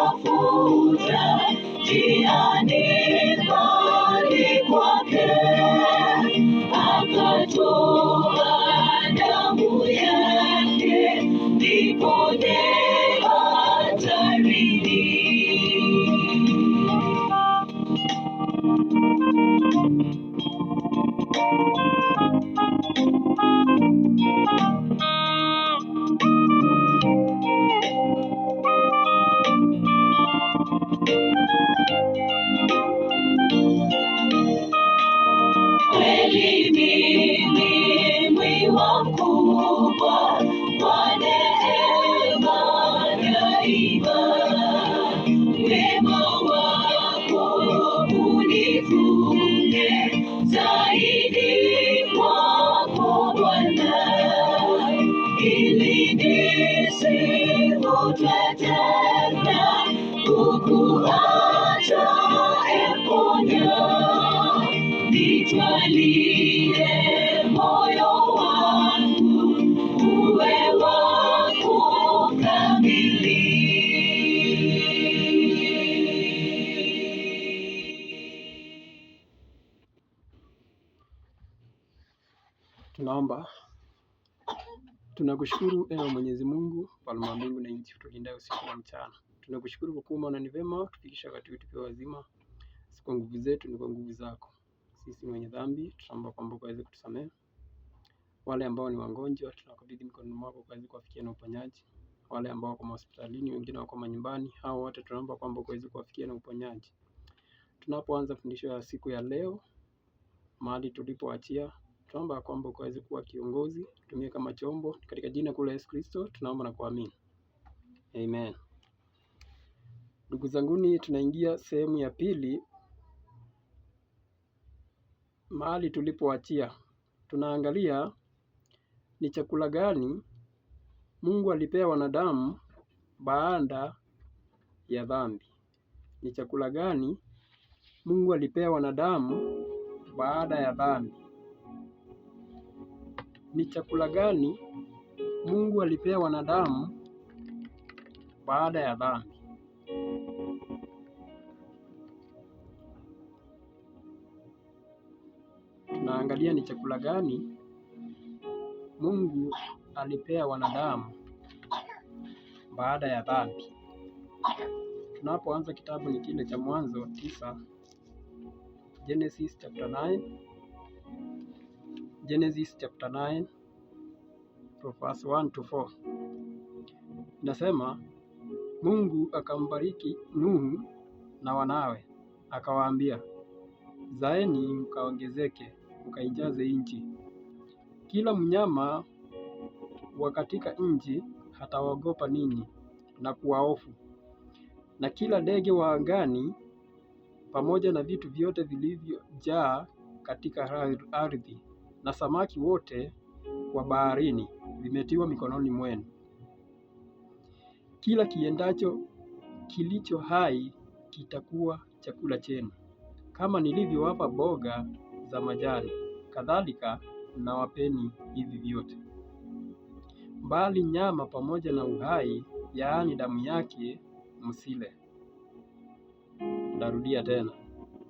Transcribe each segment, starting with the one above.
utakuja, jiandae kwake. Tunakushukuru ewe Mwenyezi Mungu, Mfalme wa mbingu na nchi, utulindaye usiku na mchana. Tunakushukuru kwa kuwa na ni vema kutufikisha wakati wetu tukiwa wazima. Si kwa nguvu zetu, ni kwa nguvu zako. Sisi wenye dhambi tunaomba kwamba ukaweze kutusamehe. Wale ambao ni wagonjwa tunakabidhi mikononi mwako, ukaweze kuwafikia na uponyaji. Wale ambao wako hospitalini, wengine wako manyumbani, hao wote tunaomba kwamba ukaweze kuwafikia na uponyaji. Tunapoanza fundisho ya siku ya leo, mahali tulipoachia Tunaomba kwamba ukaweze kuwa kiongozi, tumie kama chombo katika jina kuu la Yesu Kristo, tunaomba na kuamini. Amen. Ndugu zanguni, tunaingia sehemu ya pili, mahali tulipoachia. Tunaangalia ni chakula gani Mungu alipea wanadamu baada ya dhambi. Ni chakula gani Mungu alipea wanadamu baada ya dhambi? ni chakula gani Mungu alipea wanadamu baada ya dhambi? Tunaangalia ni chakula gani Mungu alipea wanadamu baada ya dhambi. Tunapoanza kitabu ni kile cha Mwanzo tisa, Genesis chapter 9 Genesis chapter 9 verse 1 to 4 nasema, Mungu akambariki Nuhu na wanawe akawaambia, zaeni mkaongezeke, mkaijaze nchi. Kila mnyama wa katika nchi hatawaogopa ninyi na kuwaofu, na kila ndege wa angani pamoja na vitu vyote vilivyojaa katika ardhi na samaki wote wa baharini vimetiwa mikononi mwenu. Kila kiendacho kilicho hai kitakuwa chakula chenu. Kama nilivyowapa boga za majani, kadhalika nawapeni hivi vyote. mbali nyama pamoja na uhai, yaani damu yake, msile. Narudia tena,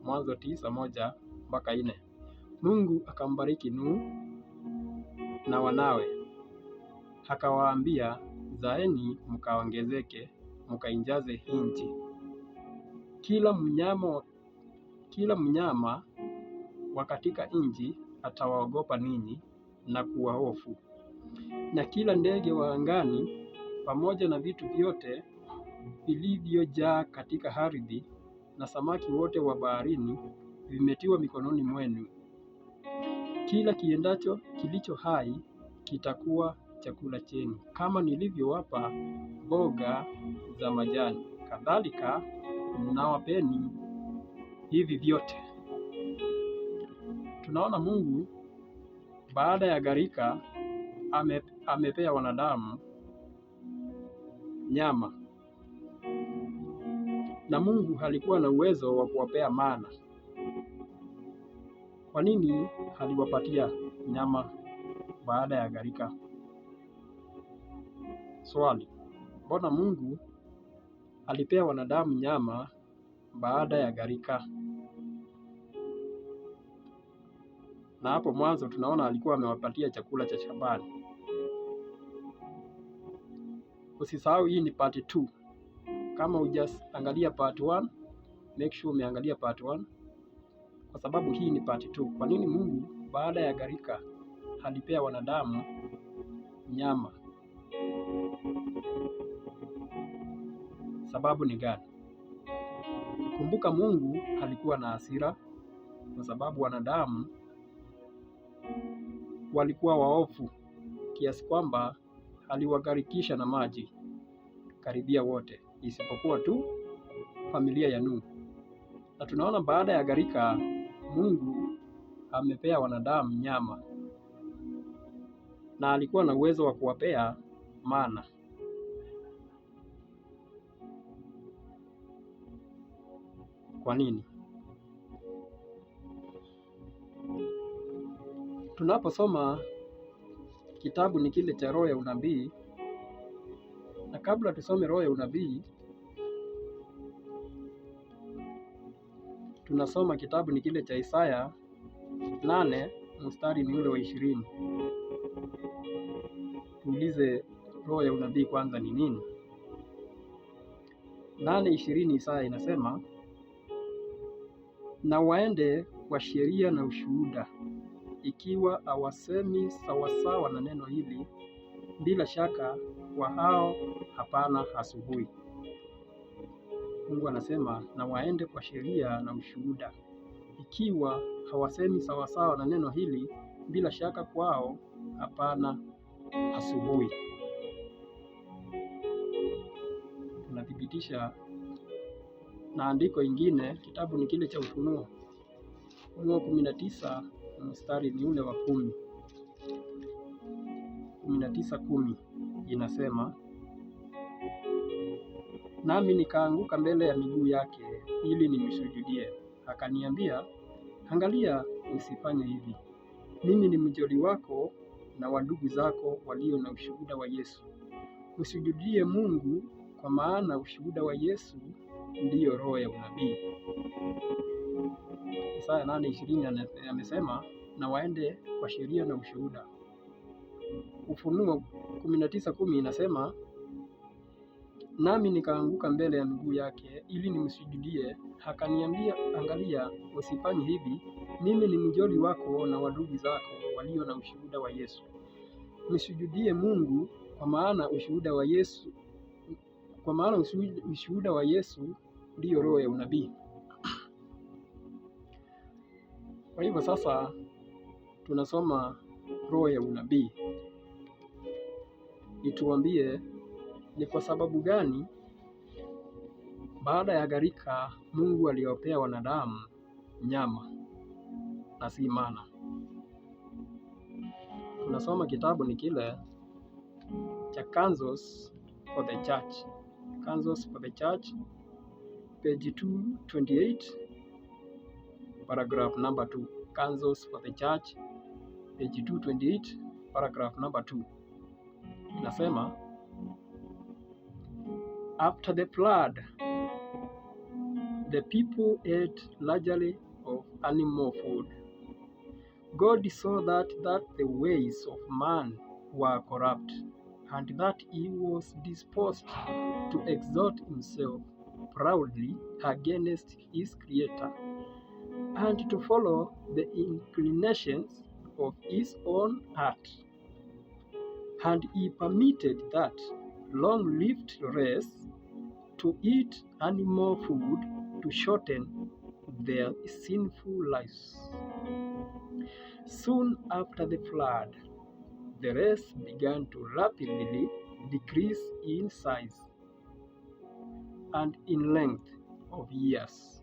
Mwanzo tisa moja mpaka nne. Mungu akambariki Nuhu na wanawe, akawaambia, zaeni mkaongezeke, mkainjaze hii nchi. Kila mnyama, kila mnyama wa katika nchi atawaogopa ninyi na kuwahofu, na kila ndege wa angani pamoja na vitu vyote vilivyojaa katika ardhi na samaki wote wa baharini vimetiwa mikononi mwenu. Kila kiendacho kilicho hai kitakuwa chakula chenu, kama nilivyowapa mboga za majani, kadhalika mnawapeni hivi vyote. Tunaona Mungu baada ya gharika ame, amepea wanadamu nyama, na Mungu alikuwa na uwezo wa kuwapea mana kwa nini aliwapatia nyama baada ya gharika? Swali: mbona Mungu alipea wanadamu nyama baada ya gharika? Na hapo mwanzo tunaona alikuwa amewapatia chakula cha shambani. Usisahau, hii ni part 2. Kama hujaangalia part 1, make sure umeangalia part 1. Kwa sababu hii ni pati tu. Kwa nini Mungu baada ya gharika alipea wanadamu nyama? Sababu ni gani? Kumbuka, Mungu alikuwa na hasira kwa sababu wanadamu walikuwa waofu kiasi kwamba aliwagharikisha na maji karibia wote isipokuwa tu familia ya Nuhu. Na tunaona baada ya gharika Mungu amepea wanadamu nyama na alikuwa na uwezo wa kuwapea mana. Kwa nini? Tunaposoma kitabu ni kile cha Roho ya Unabii, na kabla tusome Roho ya Unabii tunasoma kitabu ni kile cha Isaya nane mstari ni ule wa ishirini. Tuulize roho ya unabii kwanza ni nini? nane ishirini Isaya inasema na waende kwa sheria na ushuhuda, ikiwa awasemi sawasawa na neno hili, bila shaka kwa hao hapana asubuhi. Mungu anasema na waende kwa sheria na ushuhuda. Ikiwa hawasemi sawasawa na neno hili, bila shaka kwao hapana asubuhi. Tunathibitisha na andiko ingine, kitabu ni kile cha Ufunuo, Ufunuo kumi na tisa mstari ni ule wa kumi, kumi na tisa kumi inasema nami nikaanguka mbele ya miguu yake ili nimsujudie. Akaniambia, angalia, usifanye hivi. Mimi ni mjoli wako na wa ndugu zako walio na ushuhuda wa Yesu. Usujudie Mungu, kwa maana ushuhuda wa Yesu ndiyo roho ya unabii. Isaya nane ishirini amesema na waende kwa sheria na ushuhuda. Ufunuo kumi na tisa kumi inasema nami nikaanguka mbele ya miguu yake ili nimsujudie. Akaniambia, angalia, usifanye hivi. Mimi ni mjoli wako na wadugu zako walio na ushuhuda wa Yesu. Msujudie Mungu, kwa maana ushuhuda wa Yesu, kwa maana ushuhuda wa Yesu ndiyo roho ya unabii. Kwa hivyo sasa tunasoma roho ya unabii ituambie ni kwa sababu gani? Baada ya gharika, Mungu aliwapea wanadamu nyama na si mana. Tunasoma kitabu ni kile cha Kansas for the Church, Kansas for the Church page 228 paragraph number 2. Kansas for the Church page 228 paragraph number 2 inasema After the flood, the people ate largely of animal food. God saw that, that the ways of man were corrupt and that he was disposed to exalt himself proudly against his creator and to follow the inclinations of his own heart. And he permitted that long-lived race to eat animal food to shorten their sinful lives. Soon after the flood, the race began to rapidly decrease in size and in length of years.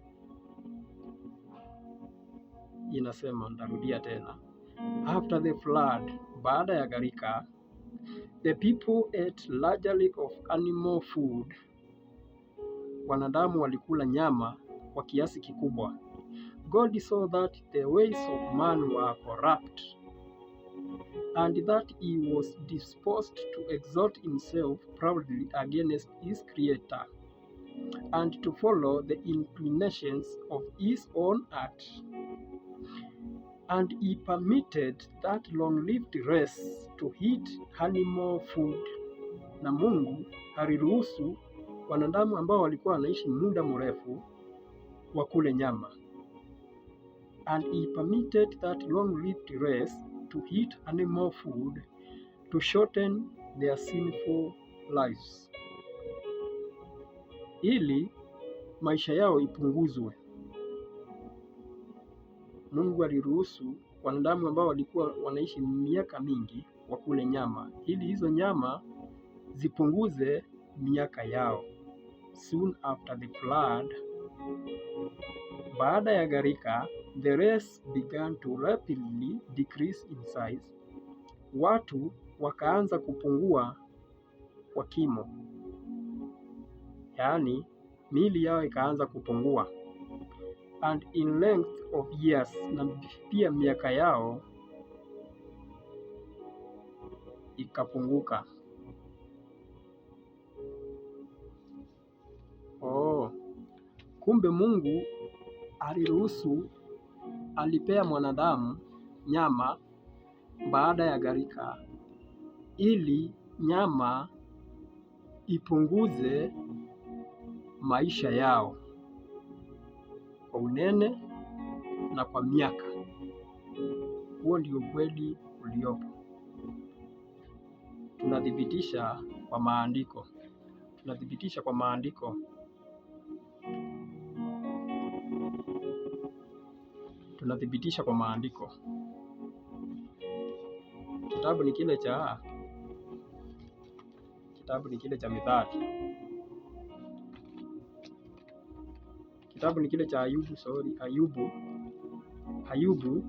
Inasema, ndarudia tena. After the flood, baada ya gharika, the people ate largely of animal food wanadamu walikula nyama kwa kiasi kikubwa. God saw that the ways of man were corrupt and that he was disposed to exalt himself proudly against his creator and to follow the inclinations of his own heart and he permitted that long-lived race to eat animal food, na Mungu aliruhusu wanadamu ambao walikuwa wanaishi muda mrefu wa kule nyama and he permitted that long-lived race to eat animal food to shorten their sinful lives, ili maisha yao ipunguzwe. Mungu aliruhusu wanadamu ambao walikuwa wanaishi miaka mingi wakule nyama ili hizo nyama zipunguze miaka yao soon after the flood. Baada ya gharika, the race began to rapidly decrease in size. Watu wakaanza kupungua kwa kimo, yaani miili yao ikaanza kupungua, and in length of years, na pia miaka yao ikapunguka. Kumbe Mungu aliruhusu, alipea mwanadamu nyama baada ya gharika, ili nyama ipunguze maisha yao kwa unene na kwa miaka. Huo ndio ukweli uliopo, tunathibitisha kwa maandiko, tunathibitisha kwa maandiko. tunathibitisha kwa maandiko. Kitabu ni kile cha kitabu ni kile cha Mithali, kitabu ni kile cha Ayubu, sorry, Ayubu, Ayubu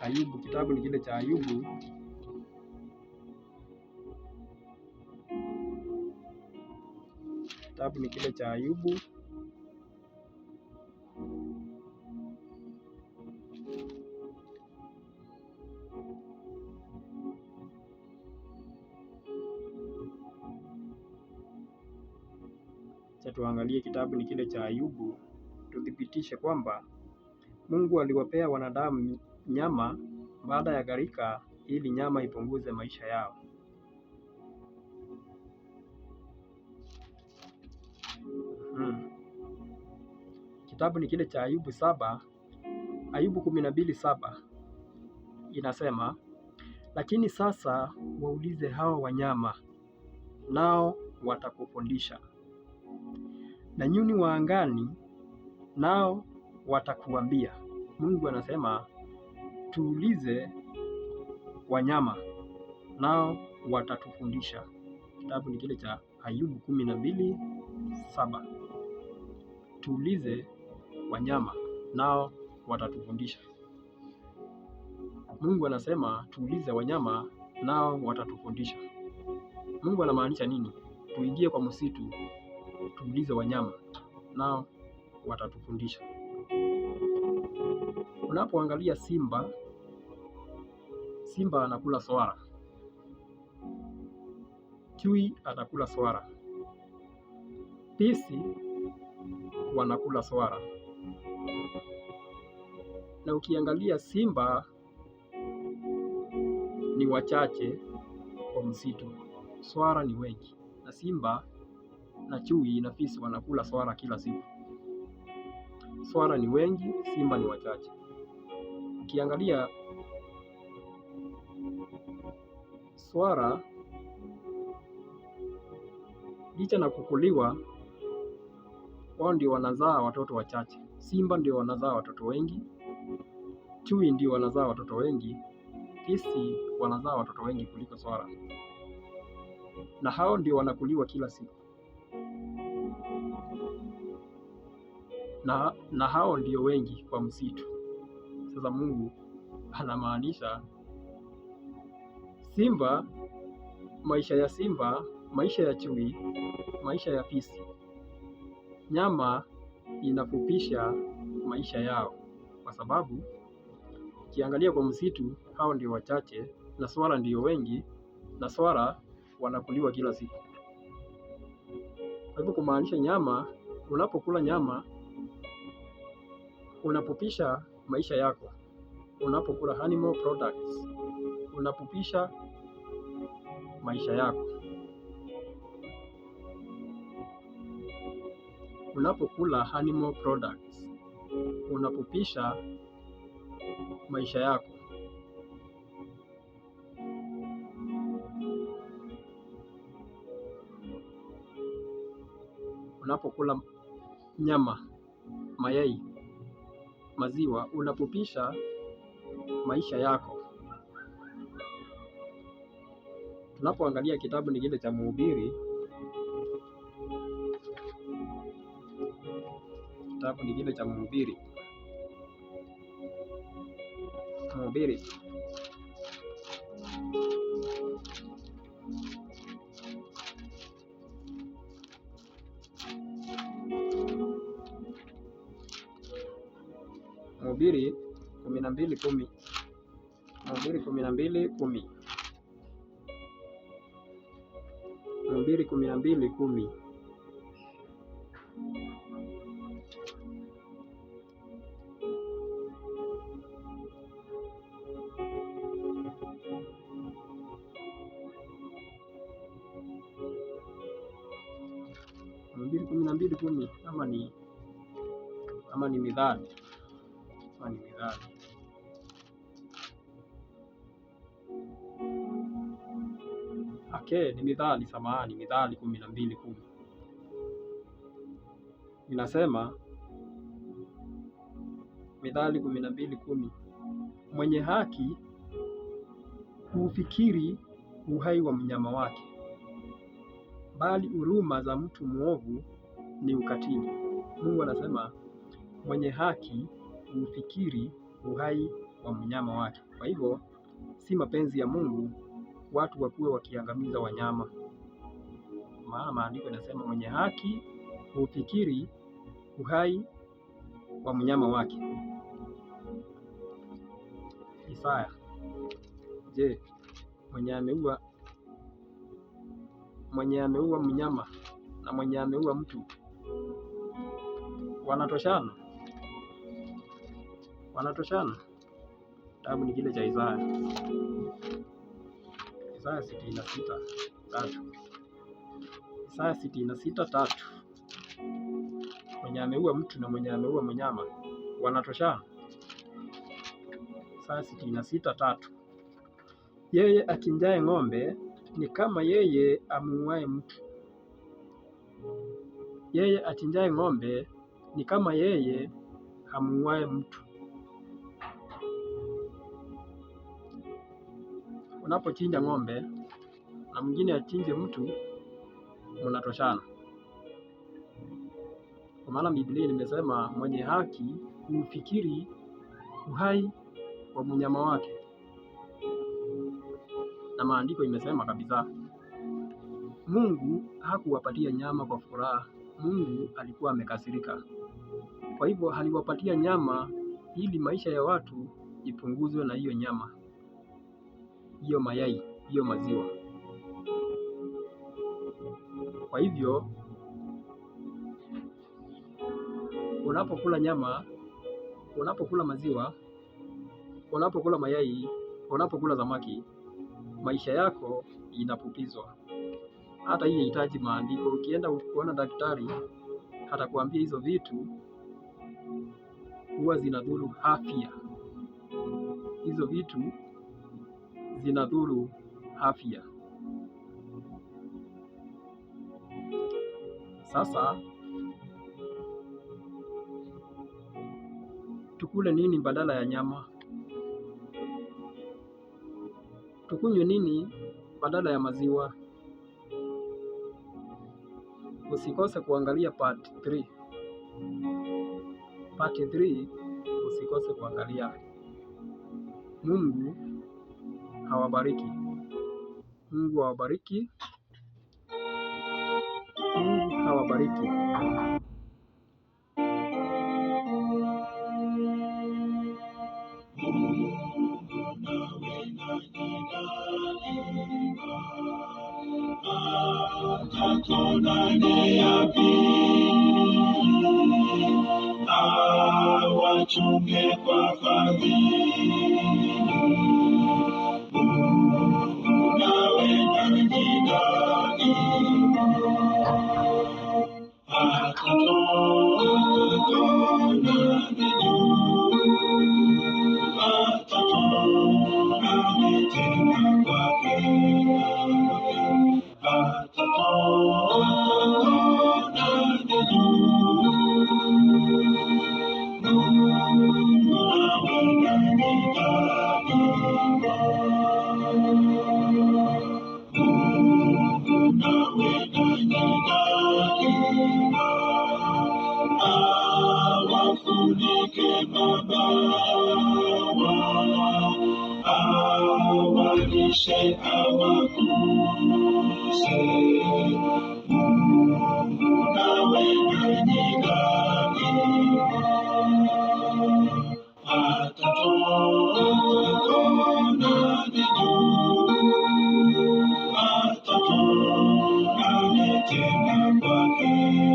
Ayubu, kitabu ni kile cha Ayubu. Kitabu ni kile cha Ayubu. Cha tuangalie kitabu ni kile cha Ayubu, tuthibitishe kwamba Mungu aliwapea wanadamu nyama baada ya gharika ili nyama ipunguze maisha yao. Kitabu ni kile cha Ayubu saba, Ayubu kumi na mbili saba inasema, lakini sasa waulize hawa wanyama, nao watakufundisha, na nyuni wa angani, nao watakuambia. Mungu anasema tuulize wanyama, nao watatufundisha. Kitabu ni kile cha Ayubu kumi na mbili saba. Tuulize wanyama nao watatufundisha. Mungu anasema tuulize wanyama nao watatufundisha. Mungu anamaanisha nini? Tuingie kwa msitu tuulize wanyama nao watatufundisha. Unapoangalia simba, simba anakula swara, chui anakula swara, pisi wanakula swara. Na ukiangalia simba ni wachache kwa msitu, swara ni wengi, na simba na chui na fisi wanakula swara kila siku. Swara ni wengi, simba ni wachache. Ukiangalia swara licha na kukuliwa, wao ndio wanazaa watoto wachache. Simba ndio wanazaa watoto wengi, chui ndio wanazaa watoto wengi, fisi wanazaa watoto wengi kuliko swara, na hao ndio wanakuliwa kila siku na, na hao ndio wengi kwa msitu. Sasa Mungu anamaanisha simba, maisha ya simba, maisha ya chui, maisha ya fisi, nyama inafupisha maisha yao, kwa sababu ukiangalia kwa msitu, hao ndio wachache na swara ndio wengi, na swara wanakuliwa kila siku. Kwa hivyo kumaanisha nyama, unapokula nyama unapupisha maisha yako. Unapokula animal products unafupisha maisha yako. unapokula animal products unapopisha maisha yako. Unapokula nyama, mayai, maziwa, unapopisha maisha yako. Tunapoangalia kitabu ni kile cha Mhubiri alafu ni jembe cha mhubiri. Mhubiri Mhubiri kumi na mbili kumi Mhubiri kumi na mbili kumi Mhubiri kumi na mbili kumi mbili kumi ama ni ama ni midhani ama ni midhali ake ni midhali samahani, midhani kumi na mbili kumi inasema midhali kumi na mbili kumi mwenye haki hufikiri uhai wa mnyama wake, bali huruma za mtu mwovu ni ukatili. Mungu anasema mwenye haki hufikiri uhai wa mnyama wake. Kwa hivyo si mapenzi ya Mungu watu wakuwe wakiangamiza wanyama, maana maandiko yanasema mwenye haki hufikiri uhai wa mnyama wake. Isaya, je, mwenye ameua mwenye ameua mnyama na mwenye ameua mtu wanatoshana, wanatoshana. Kitabu ni kile cha Isaya, Isaya sitini na sita tatu Isaya sitini na sita tatu Mwenye ameua mtu na mwenye ameua mnyama wanatoshana. Isaya sitini na sita tatu Yeye achinjaye ng'ombe ni kama yeye amuuaye mtu, yeye achinjaye ng'ombe ni kama yeye hamuuaye mtu. Unapochinja ng'ombe na mwingine achinje mtu, mnatoshana, kwa maana Biblia nimesema mwenye haki huufikiri uhai wa mnyama wake, na maandiko imesema kabisa Mungu hakuwapatia nyama kwa furaha Mungu alikuwa amekasirika. Kwa hivyo aliwapatia nyama ili maisha ya watu ipunguzwe na hiyo nyama, hiyo mayai, hiyo maziwa. Kwa hivyo unapokula nyama, unapokula maziwa, unapokula mayai, unapokula samaki, maisha yako inapupizwa hata hii inahitaji maandiko. Ukienda kuona daktari atakwambia hizo vitu huwa zinadhuru afya, hizo vitu zinadhuru afya. Sasa tukule nini badala ya nyama? Tukunywe nini badala ya maziwa? usikose kuangalia part 3. Part 3 usikose kuangalia. Mungu awabariki. Mungu awabariki. Mungu awabariki. Thank you. In and the King.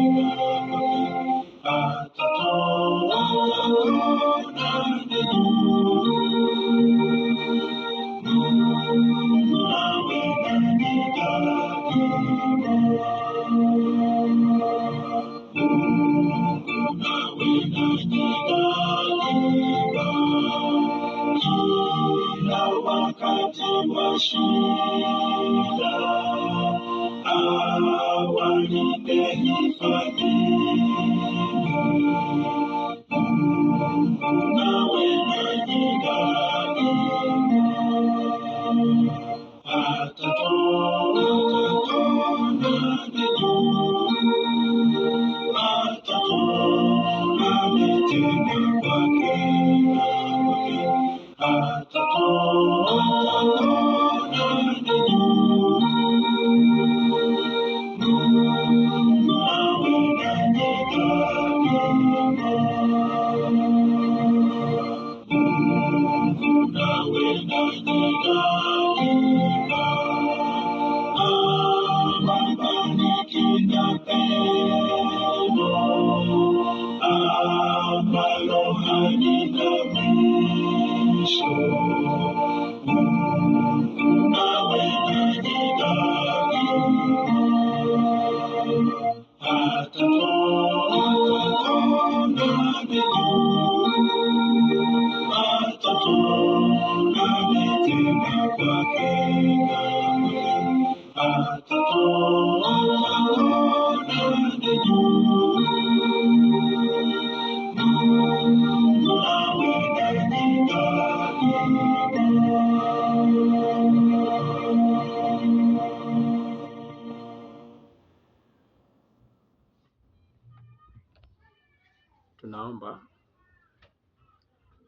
Tunaomba.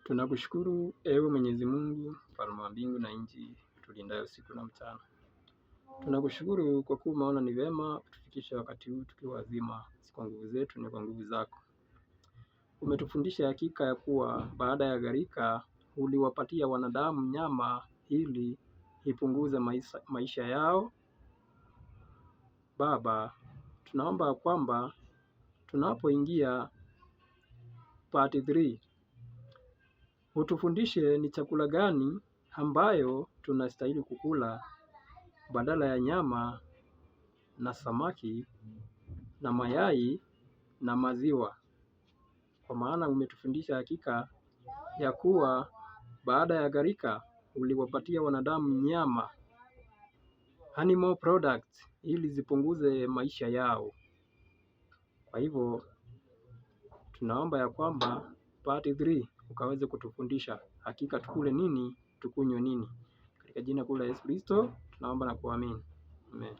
Tunakushukuru ewe Mwenyezi Mungu, mfalme wa mbingu na nchi atulindaye usiku na mchana. Tunakushukuru kwa kuwa umeona ni vema kutufikisha wakati huu tukiwa wazima, si kwa nguvu zetu, ni kwa nguvu zako. Umetufundisha hakika ya kuwa baada ya gharika uliwapatia wanadamu nyama ili ipunguze maisha, maisha yao. Baba, tunaomba kwamba tunapoingia part 3 utufundishe ni chakula gani ambayo tunastahili kukula badala ya nyama na samaki na mayai na maziwa, kwa maana umetufundisha hakika ya kuwa baada ya gharika uliwapatia wanadamu nyama, animal products, ili zipunguze maisha yao. Kwa hivyo tunaomba ya kwamba part 3 ukaweze kutufundisha hakika tukule nini tukunywe nini. Katika jina kuu la Yesu Kristo tunaomba na kuamini. Amen.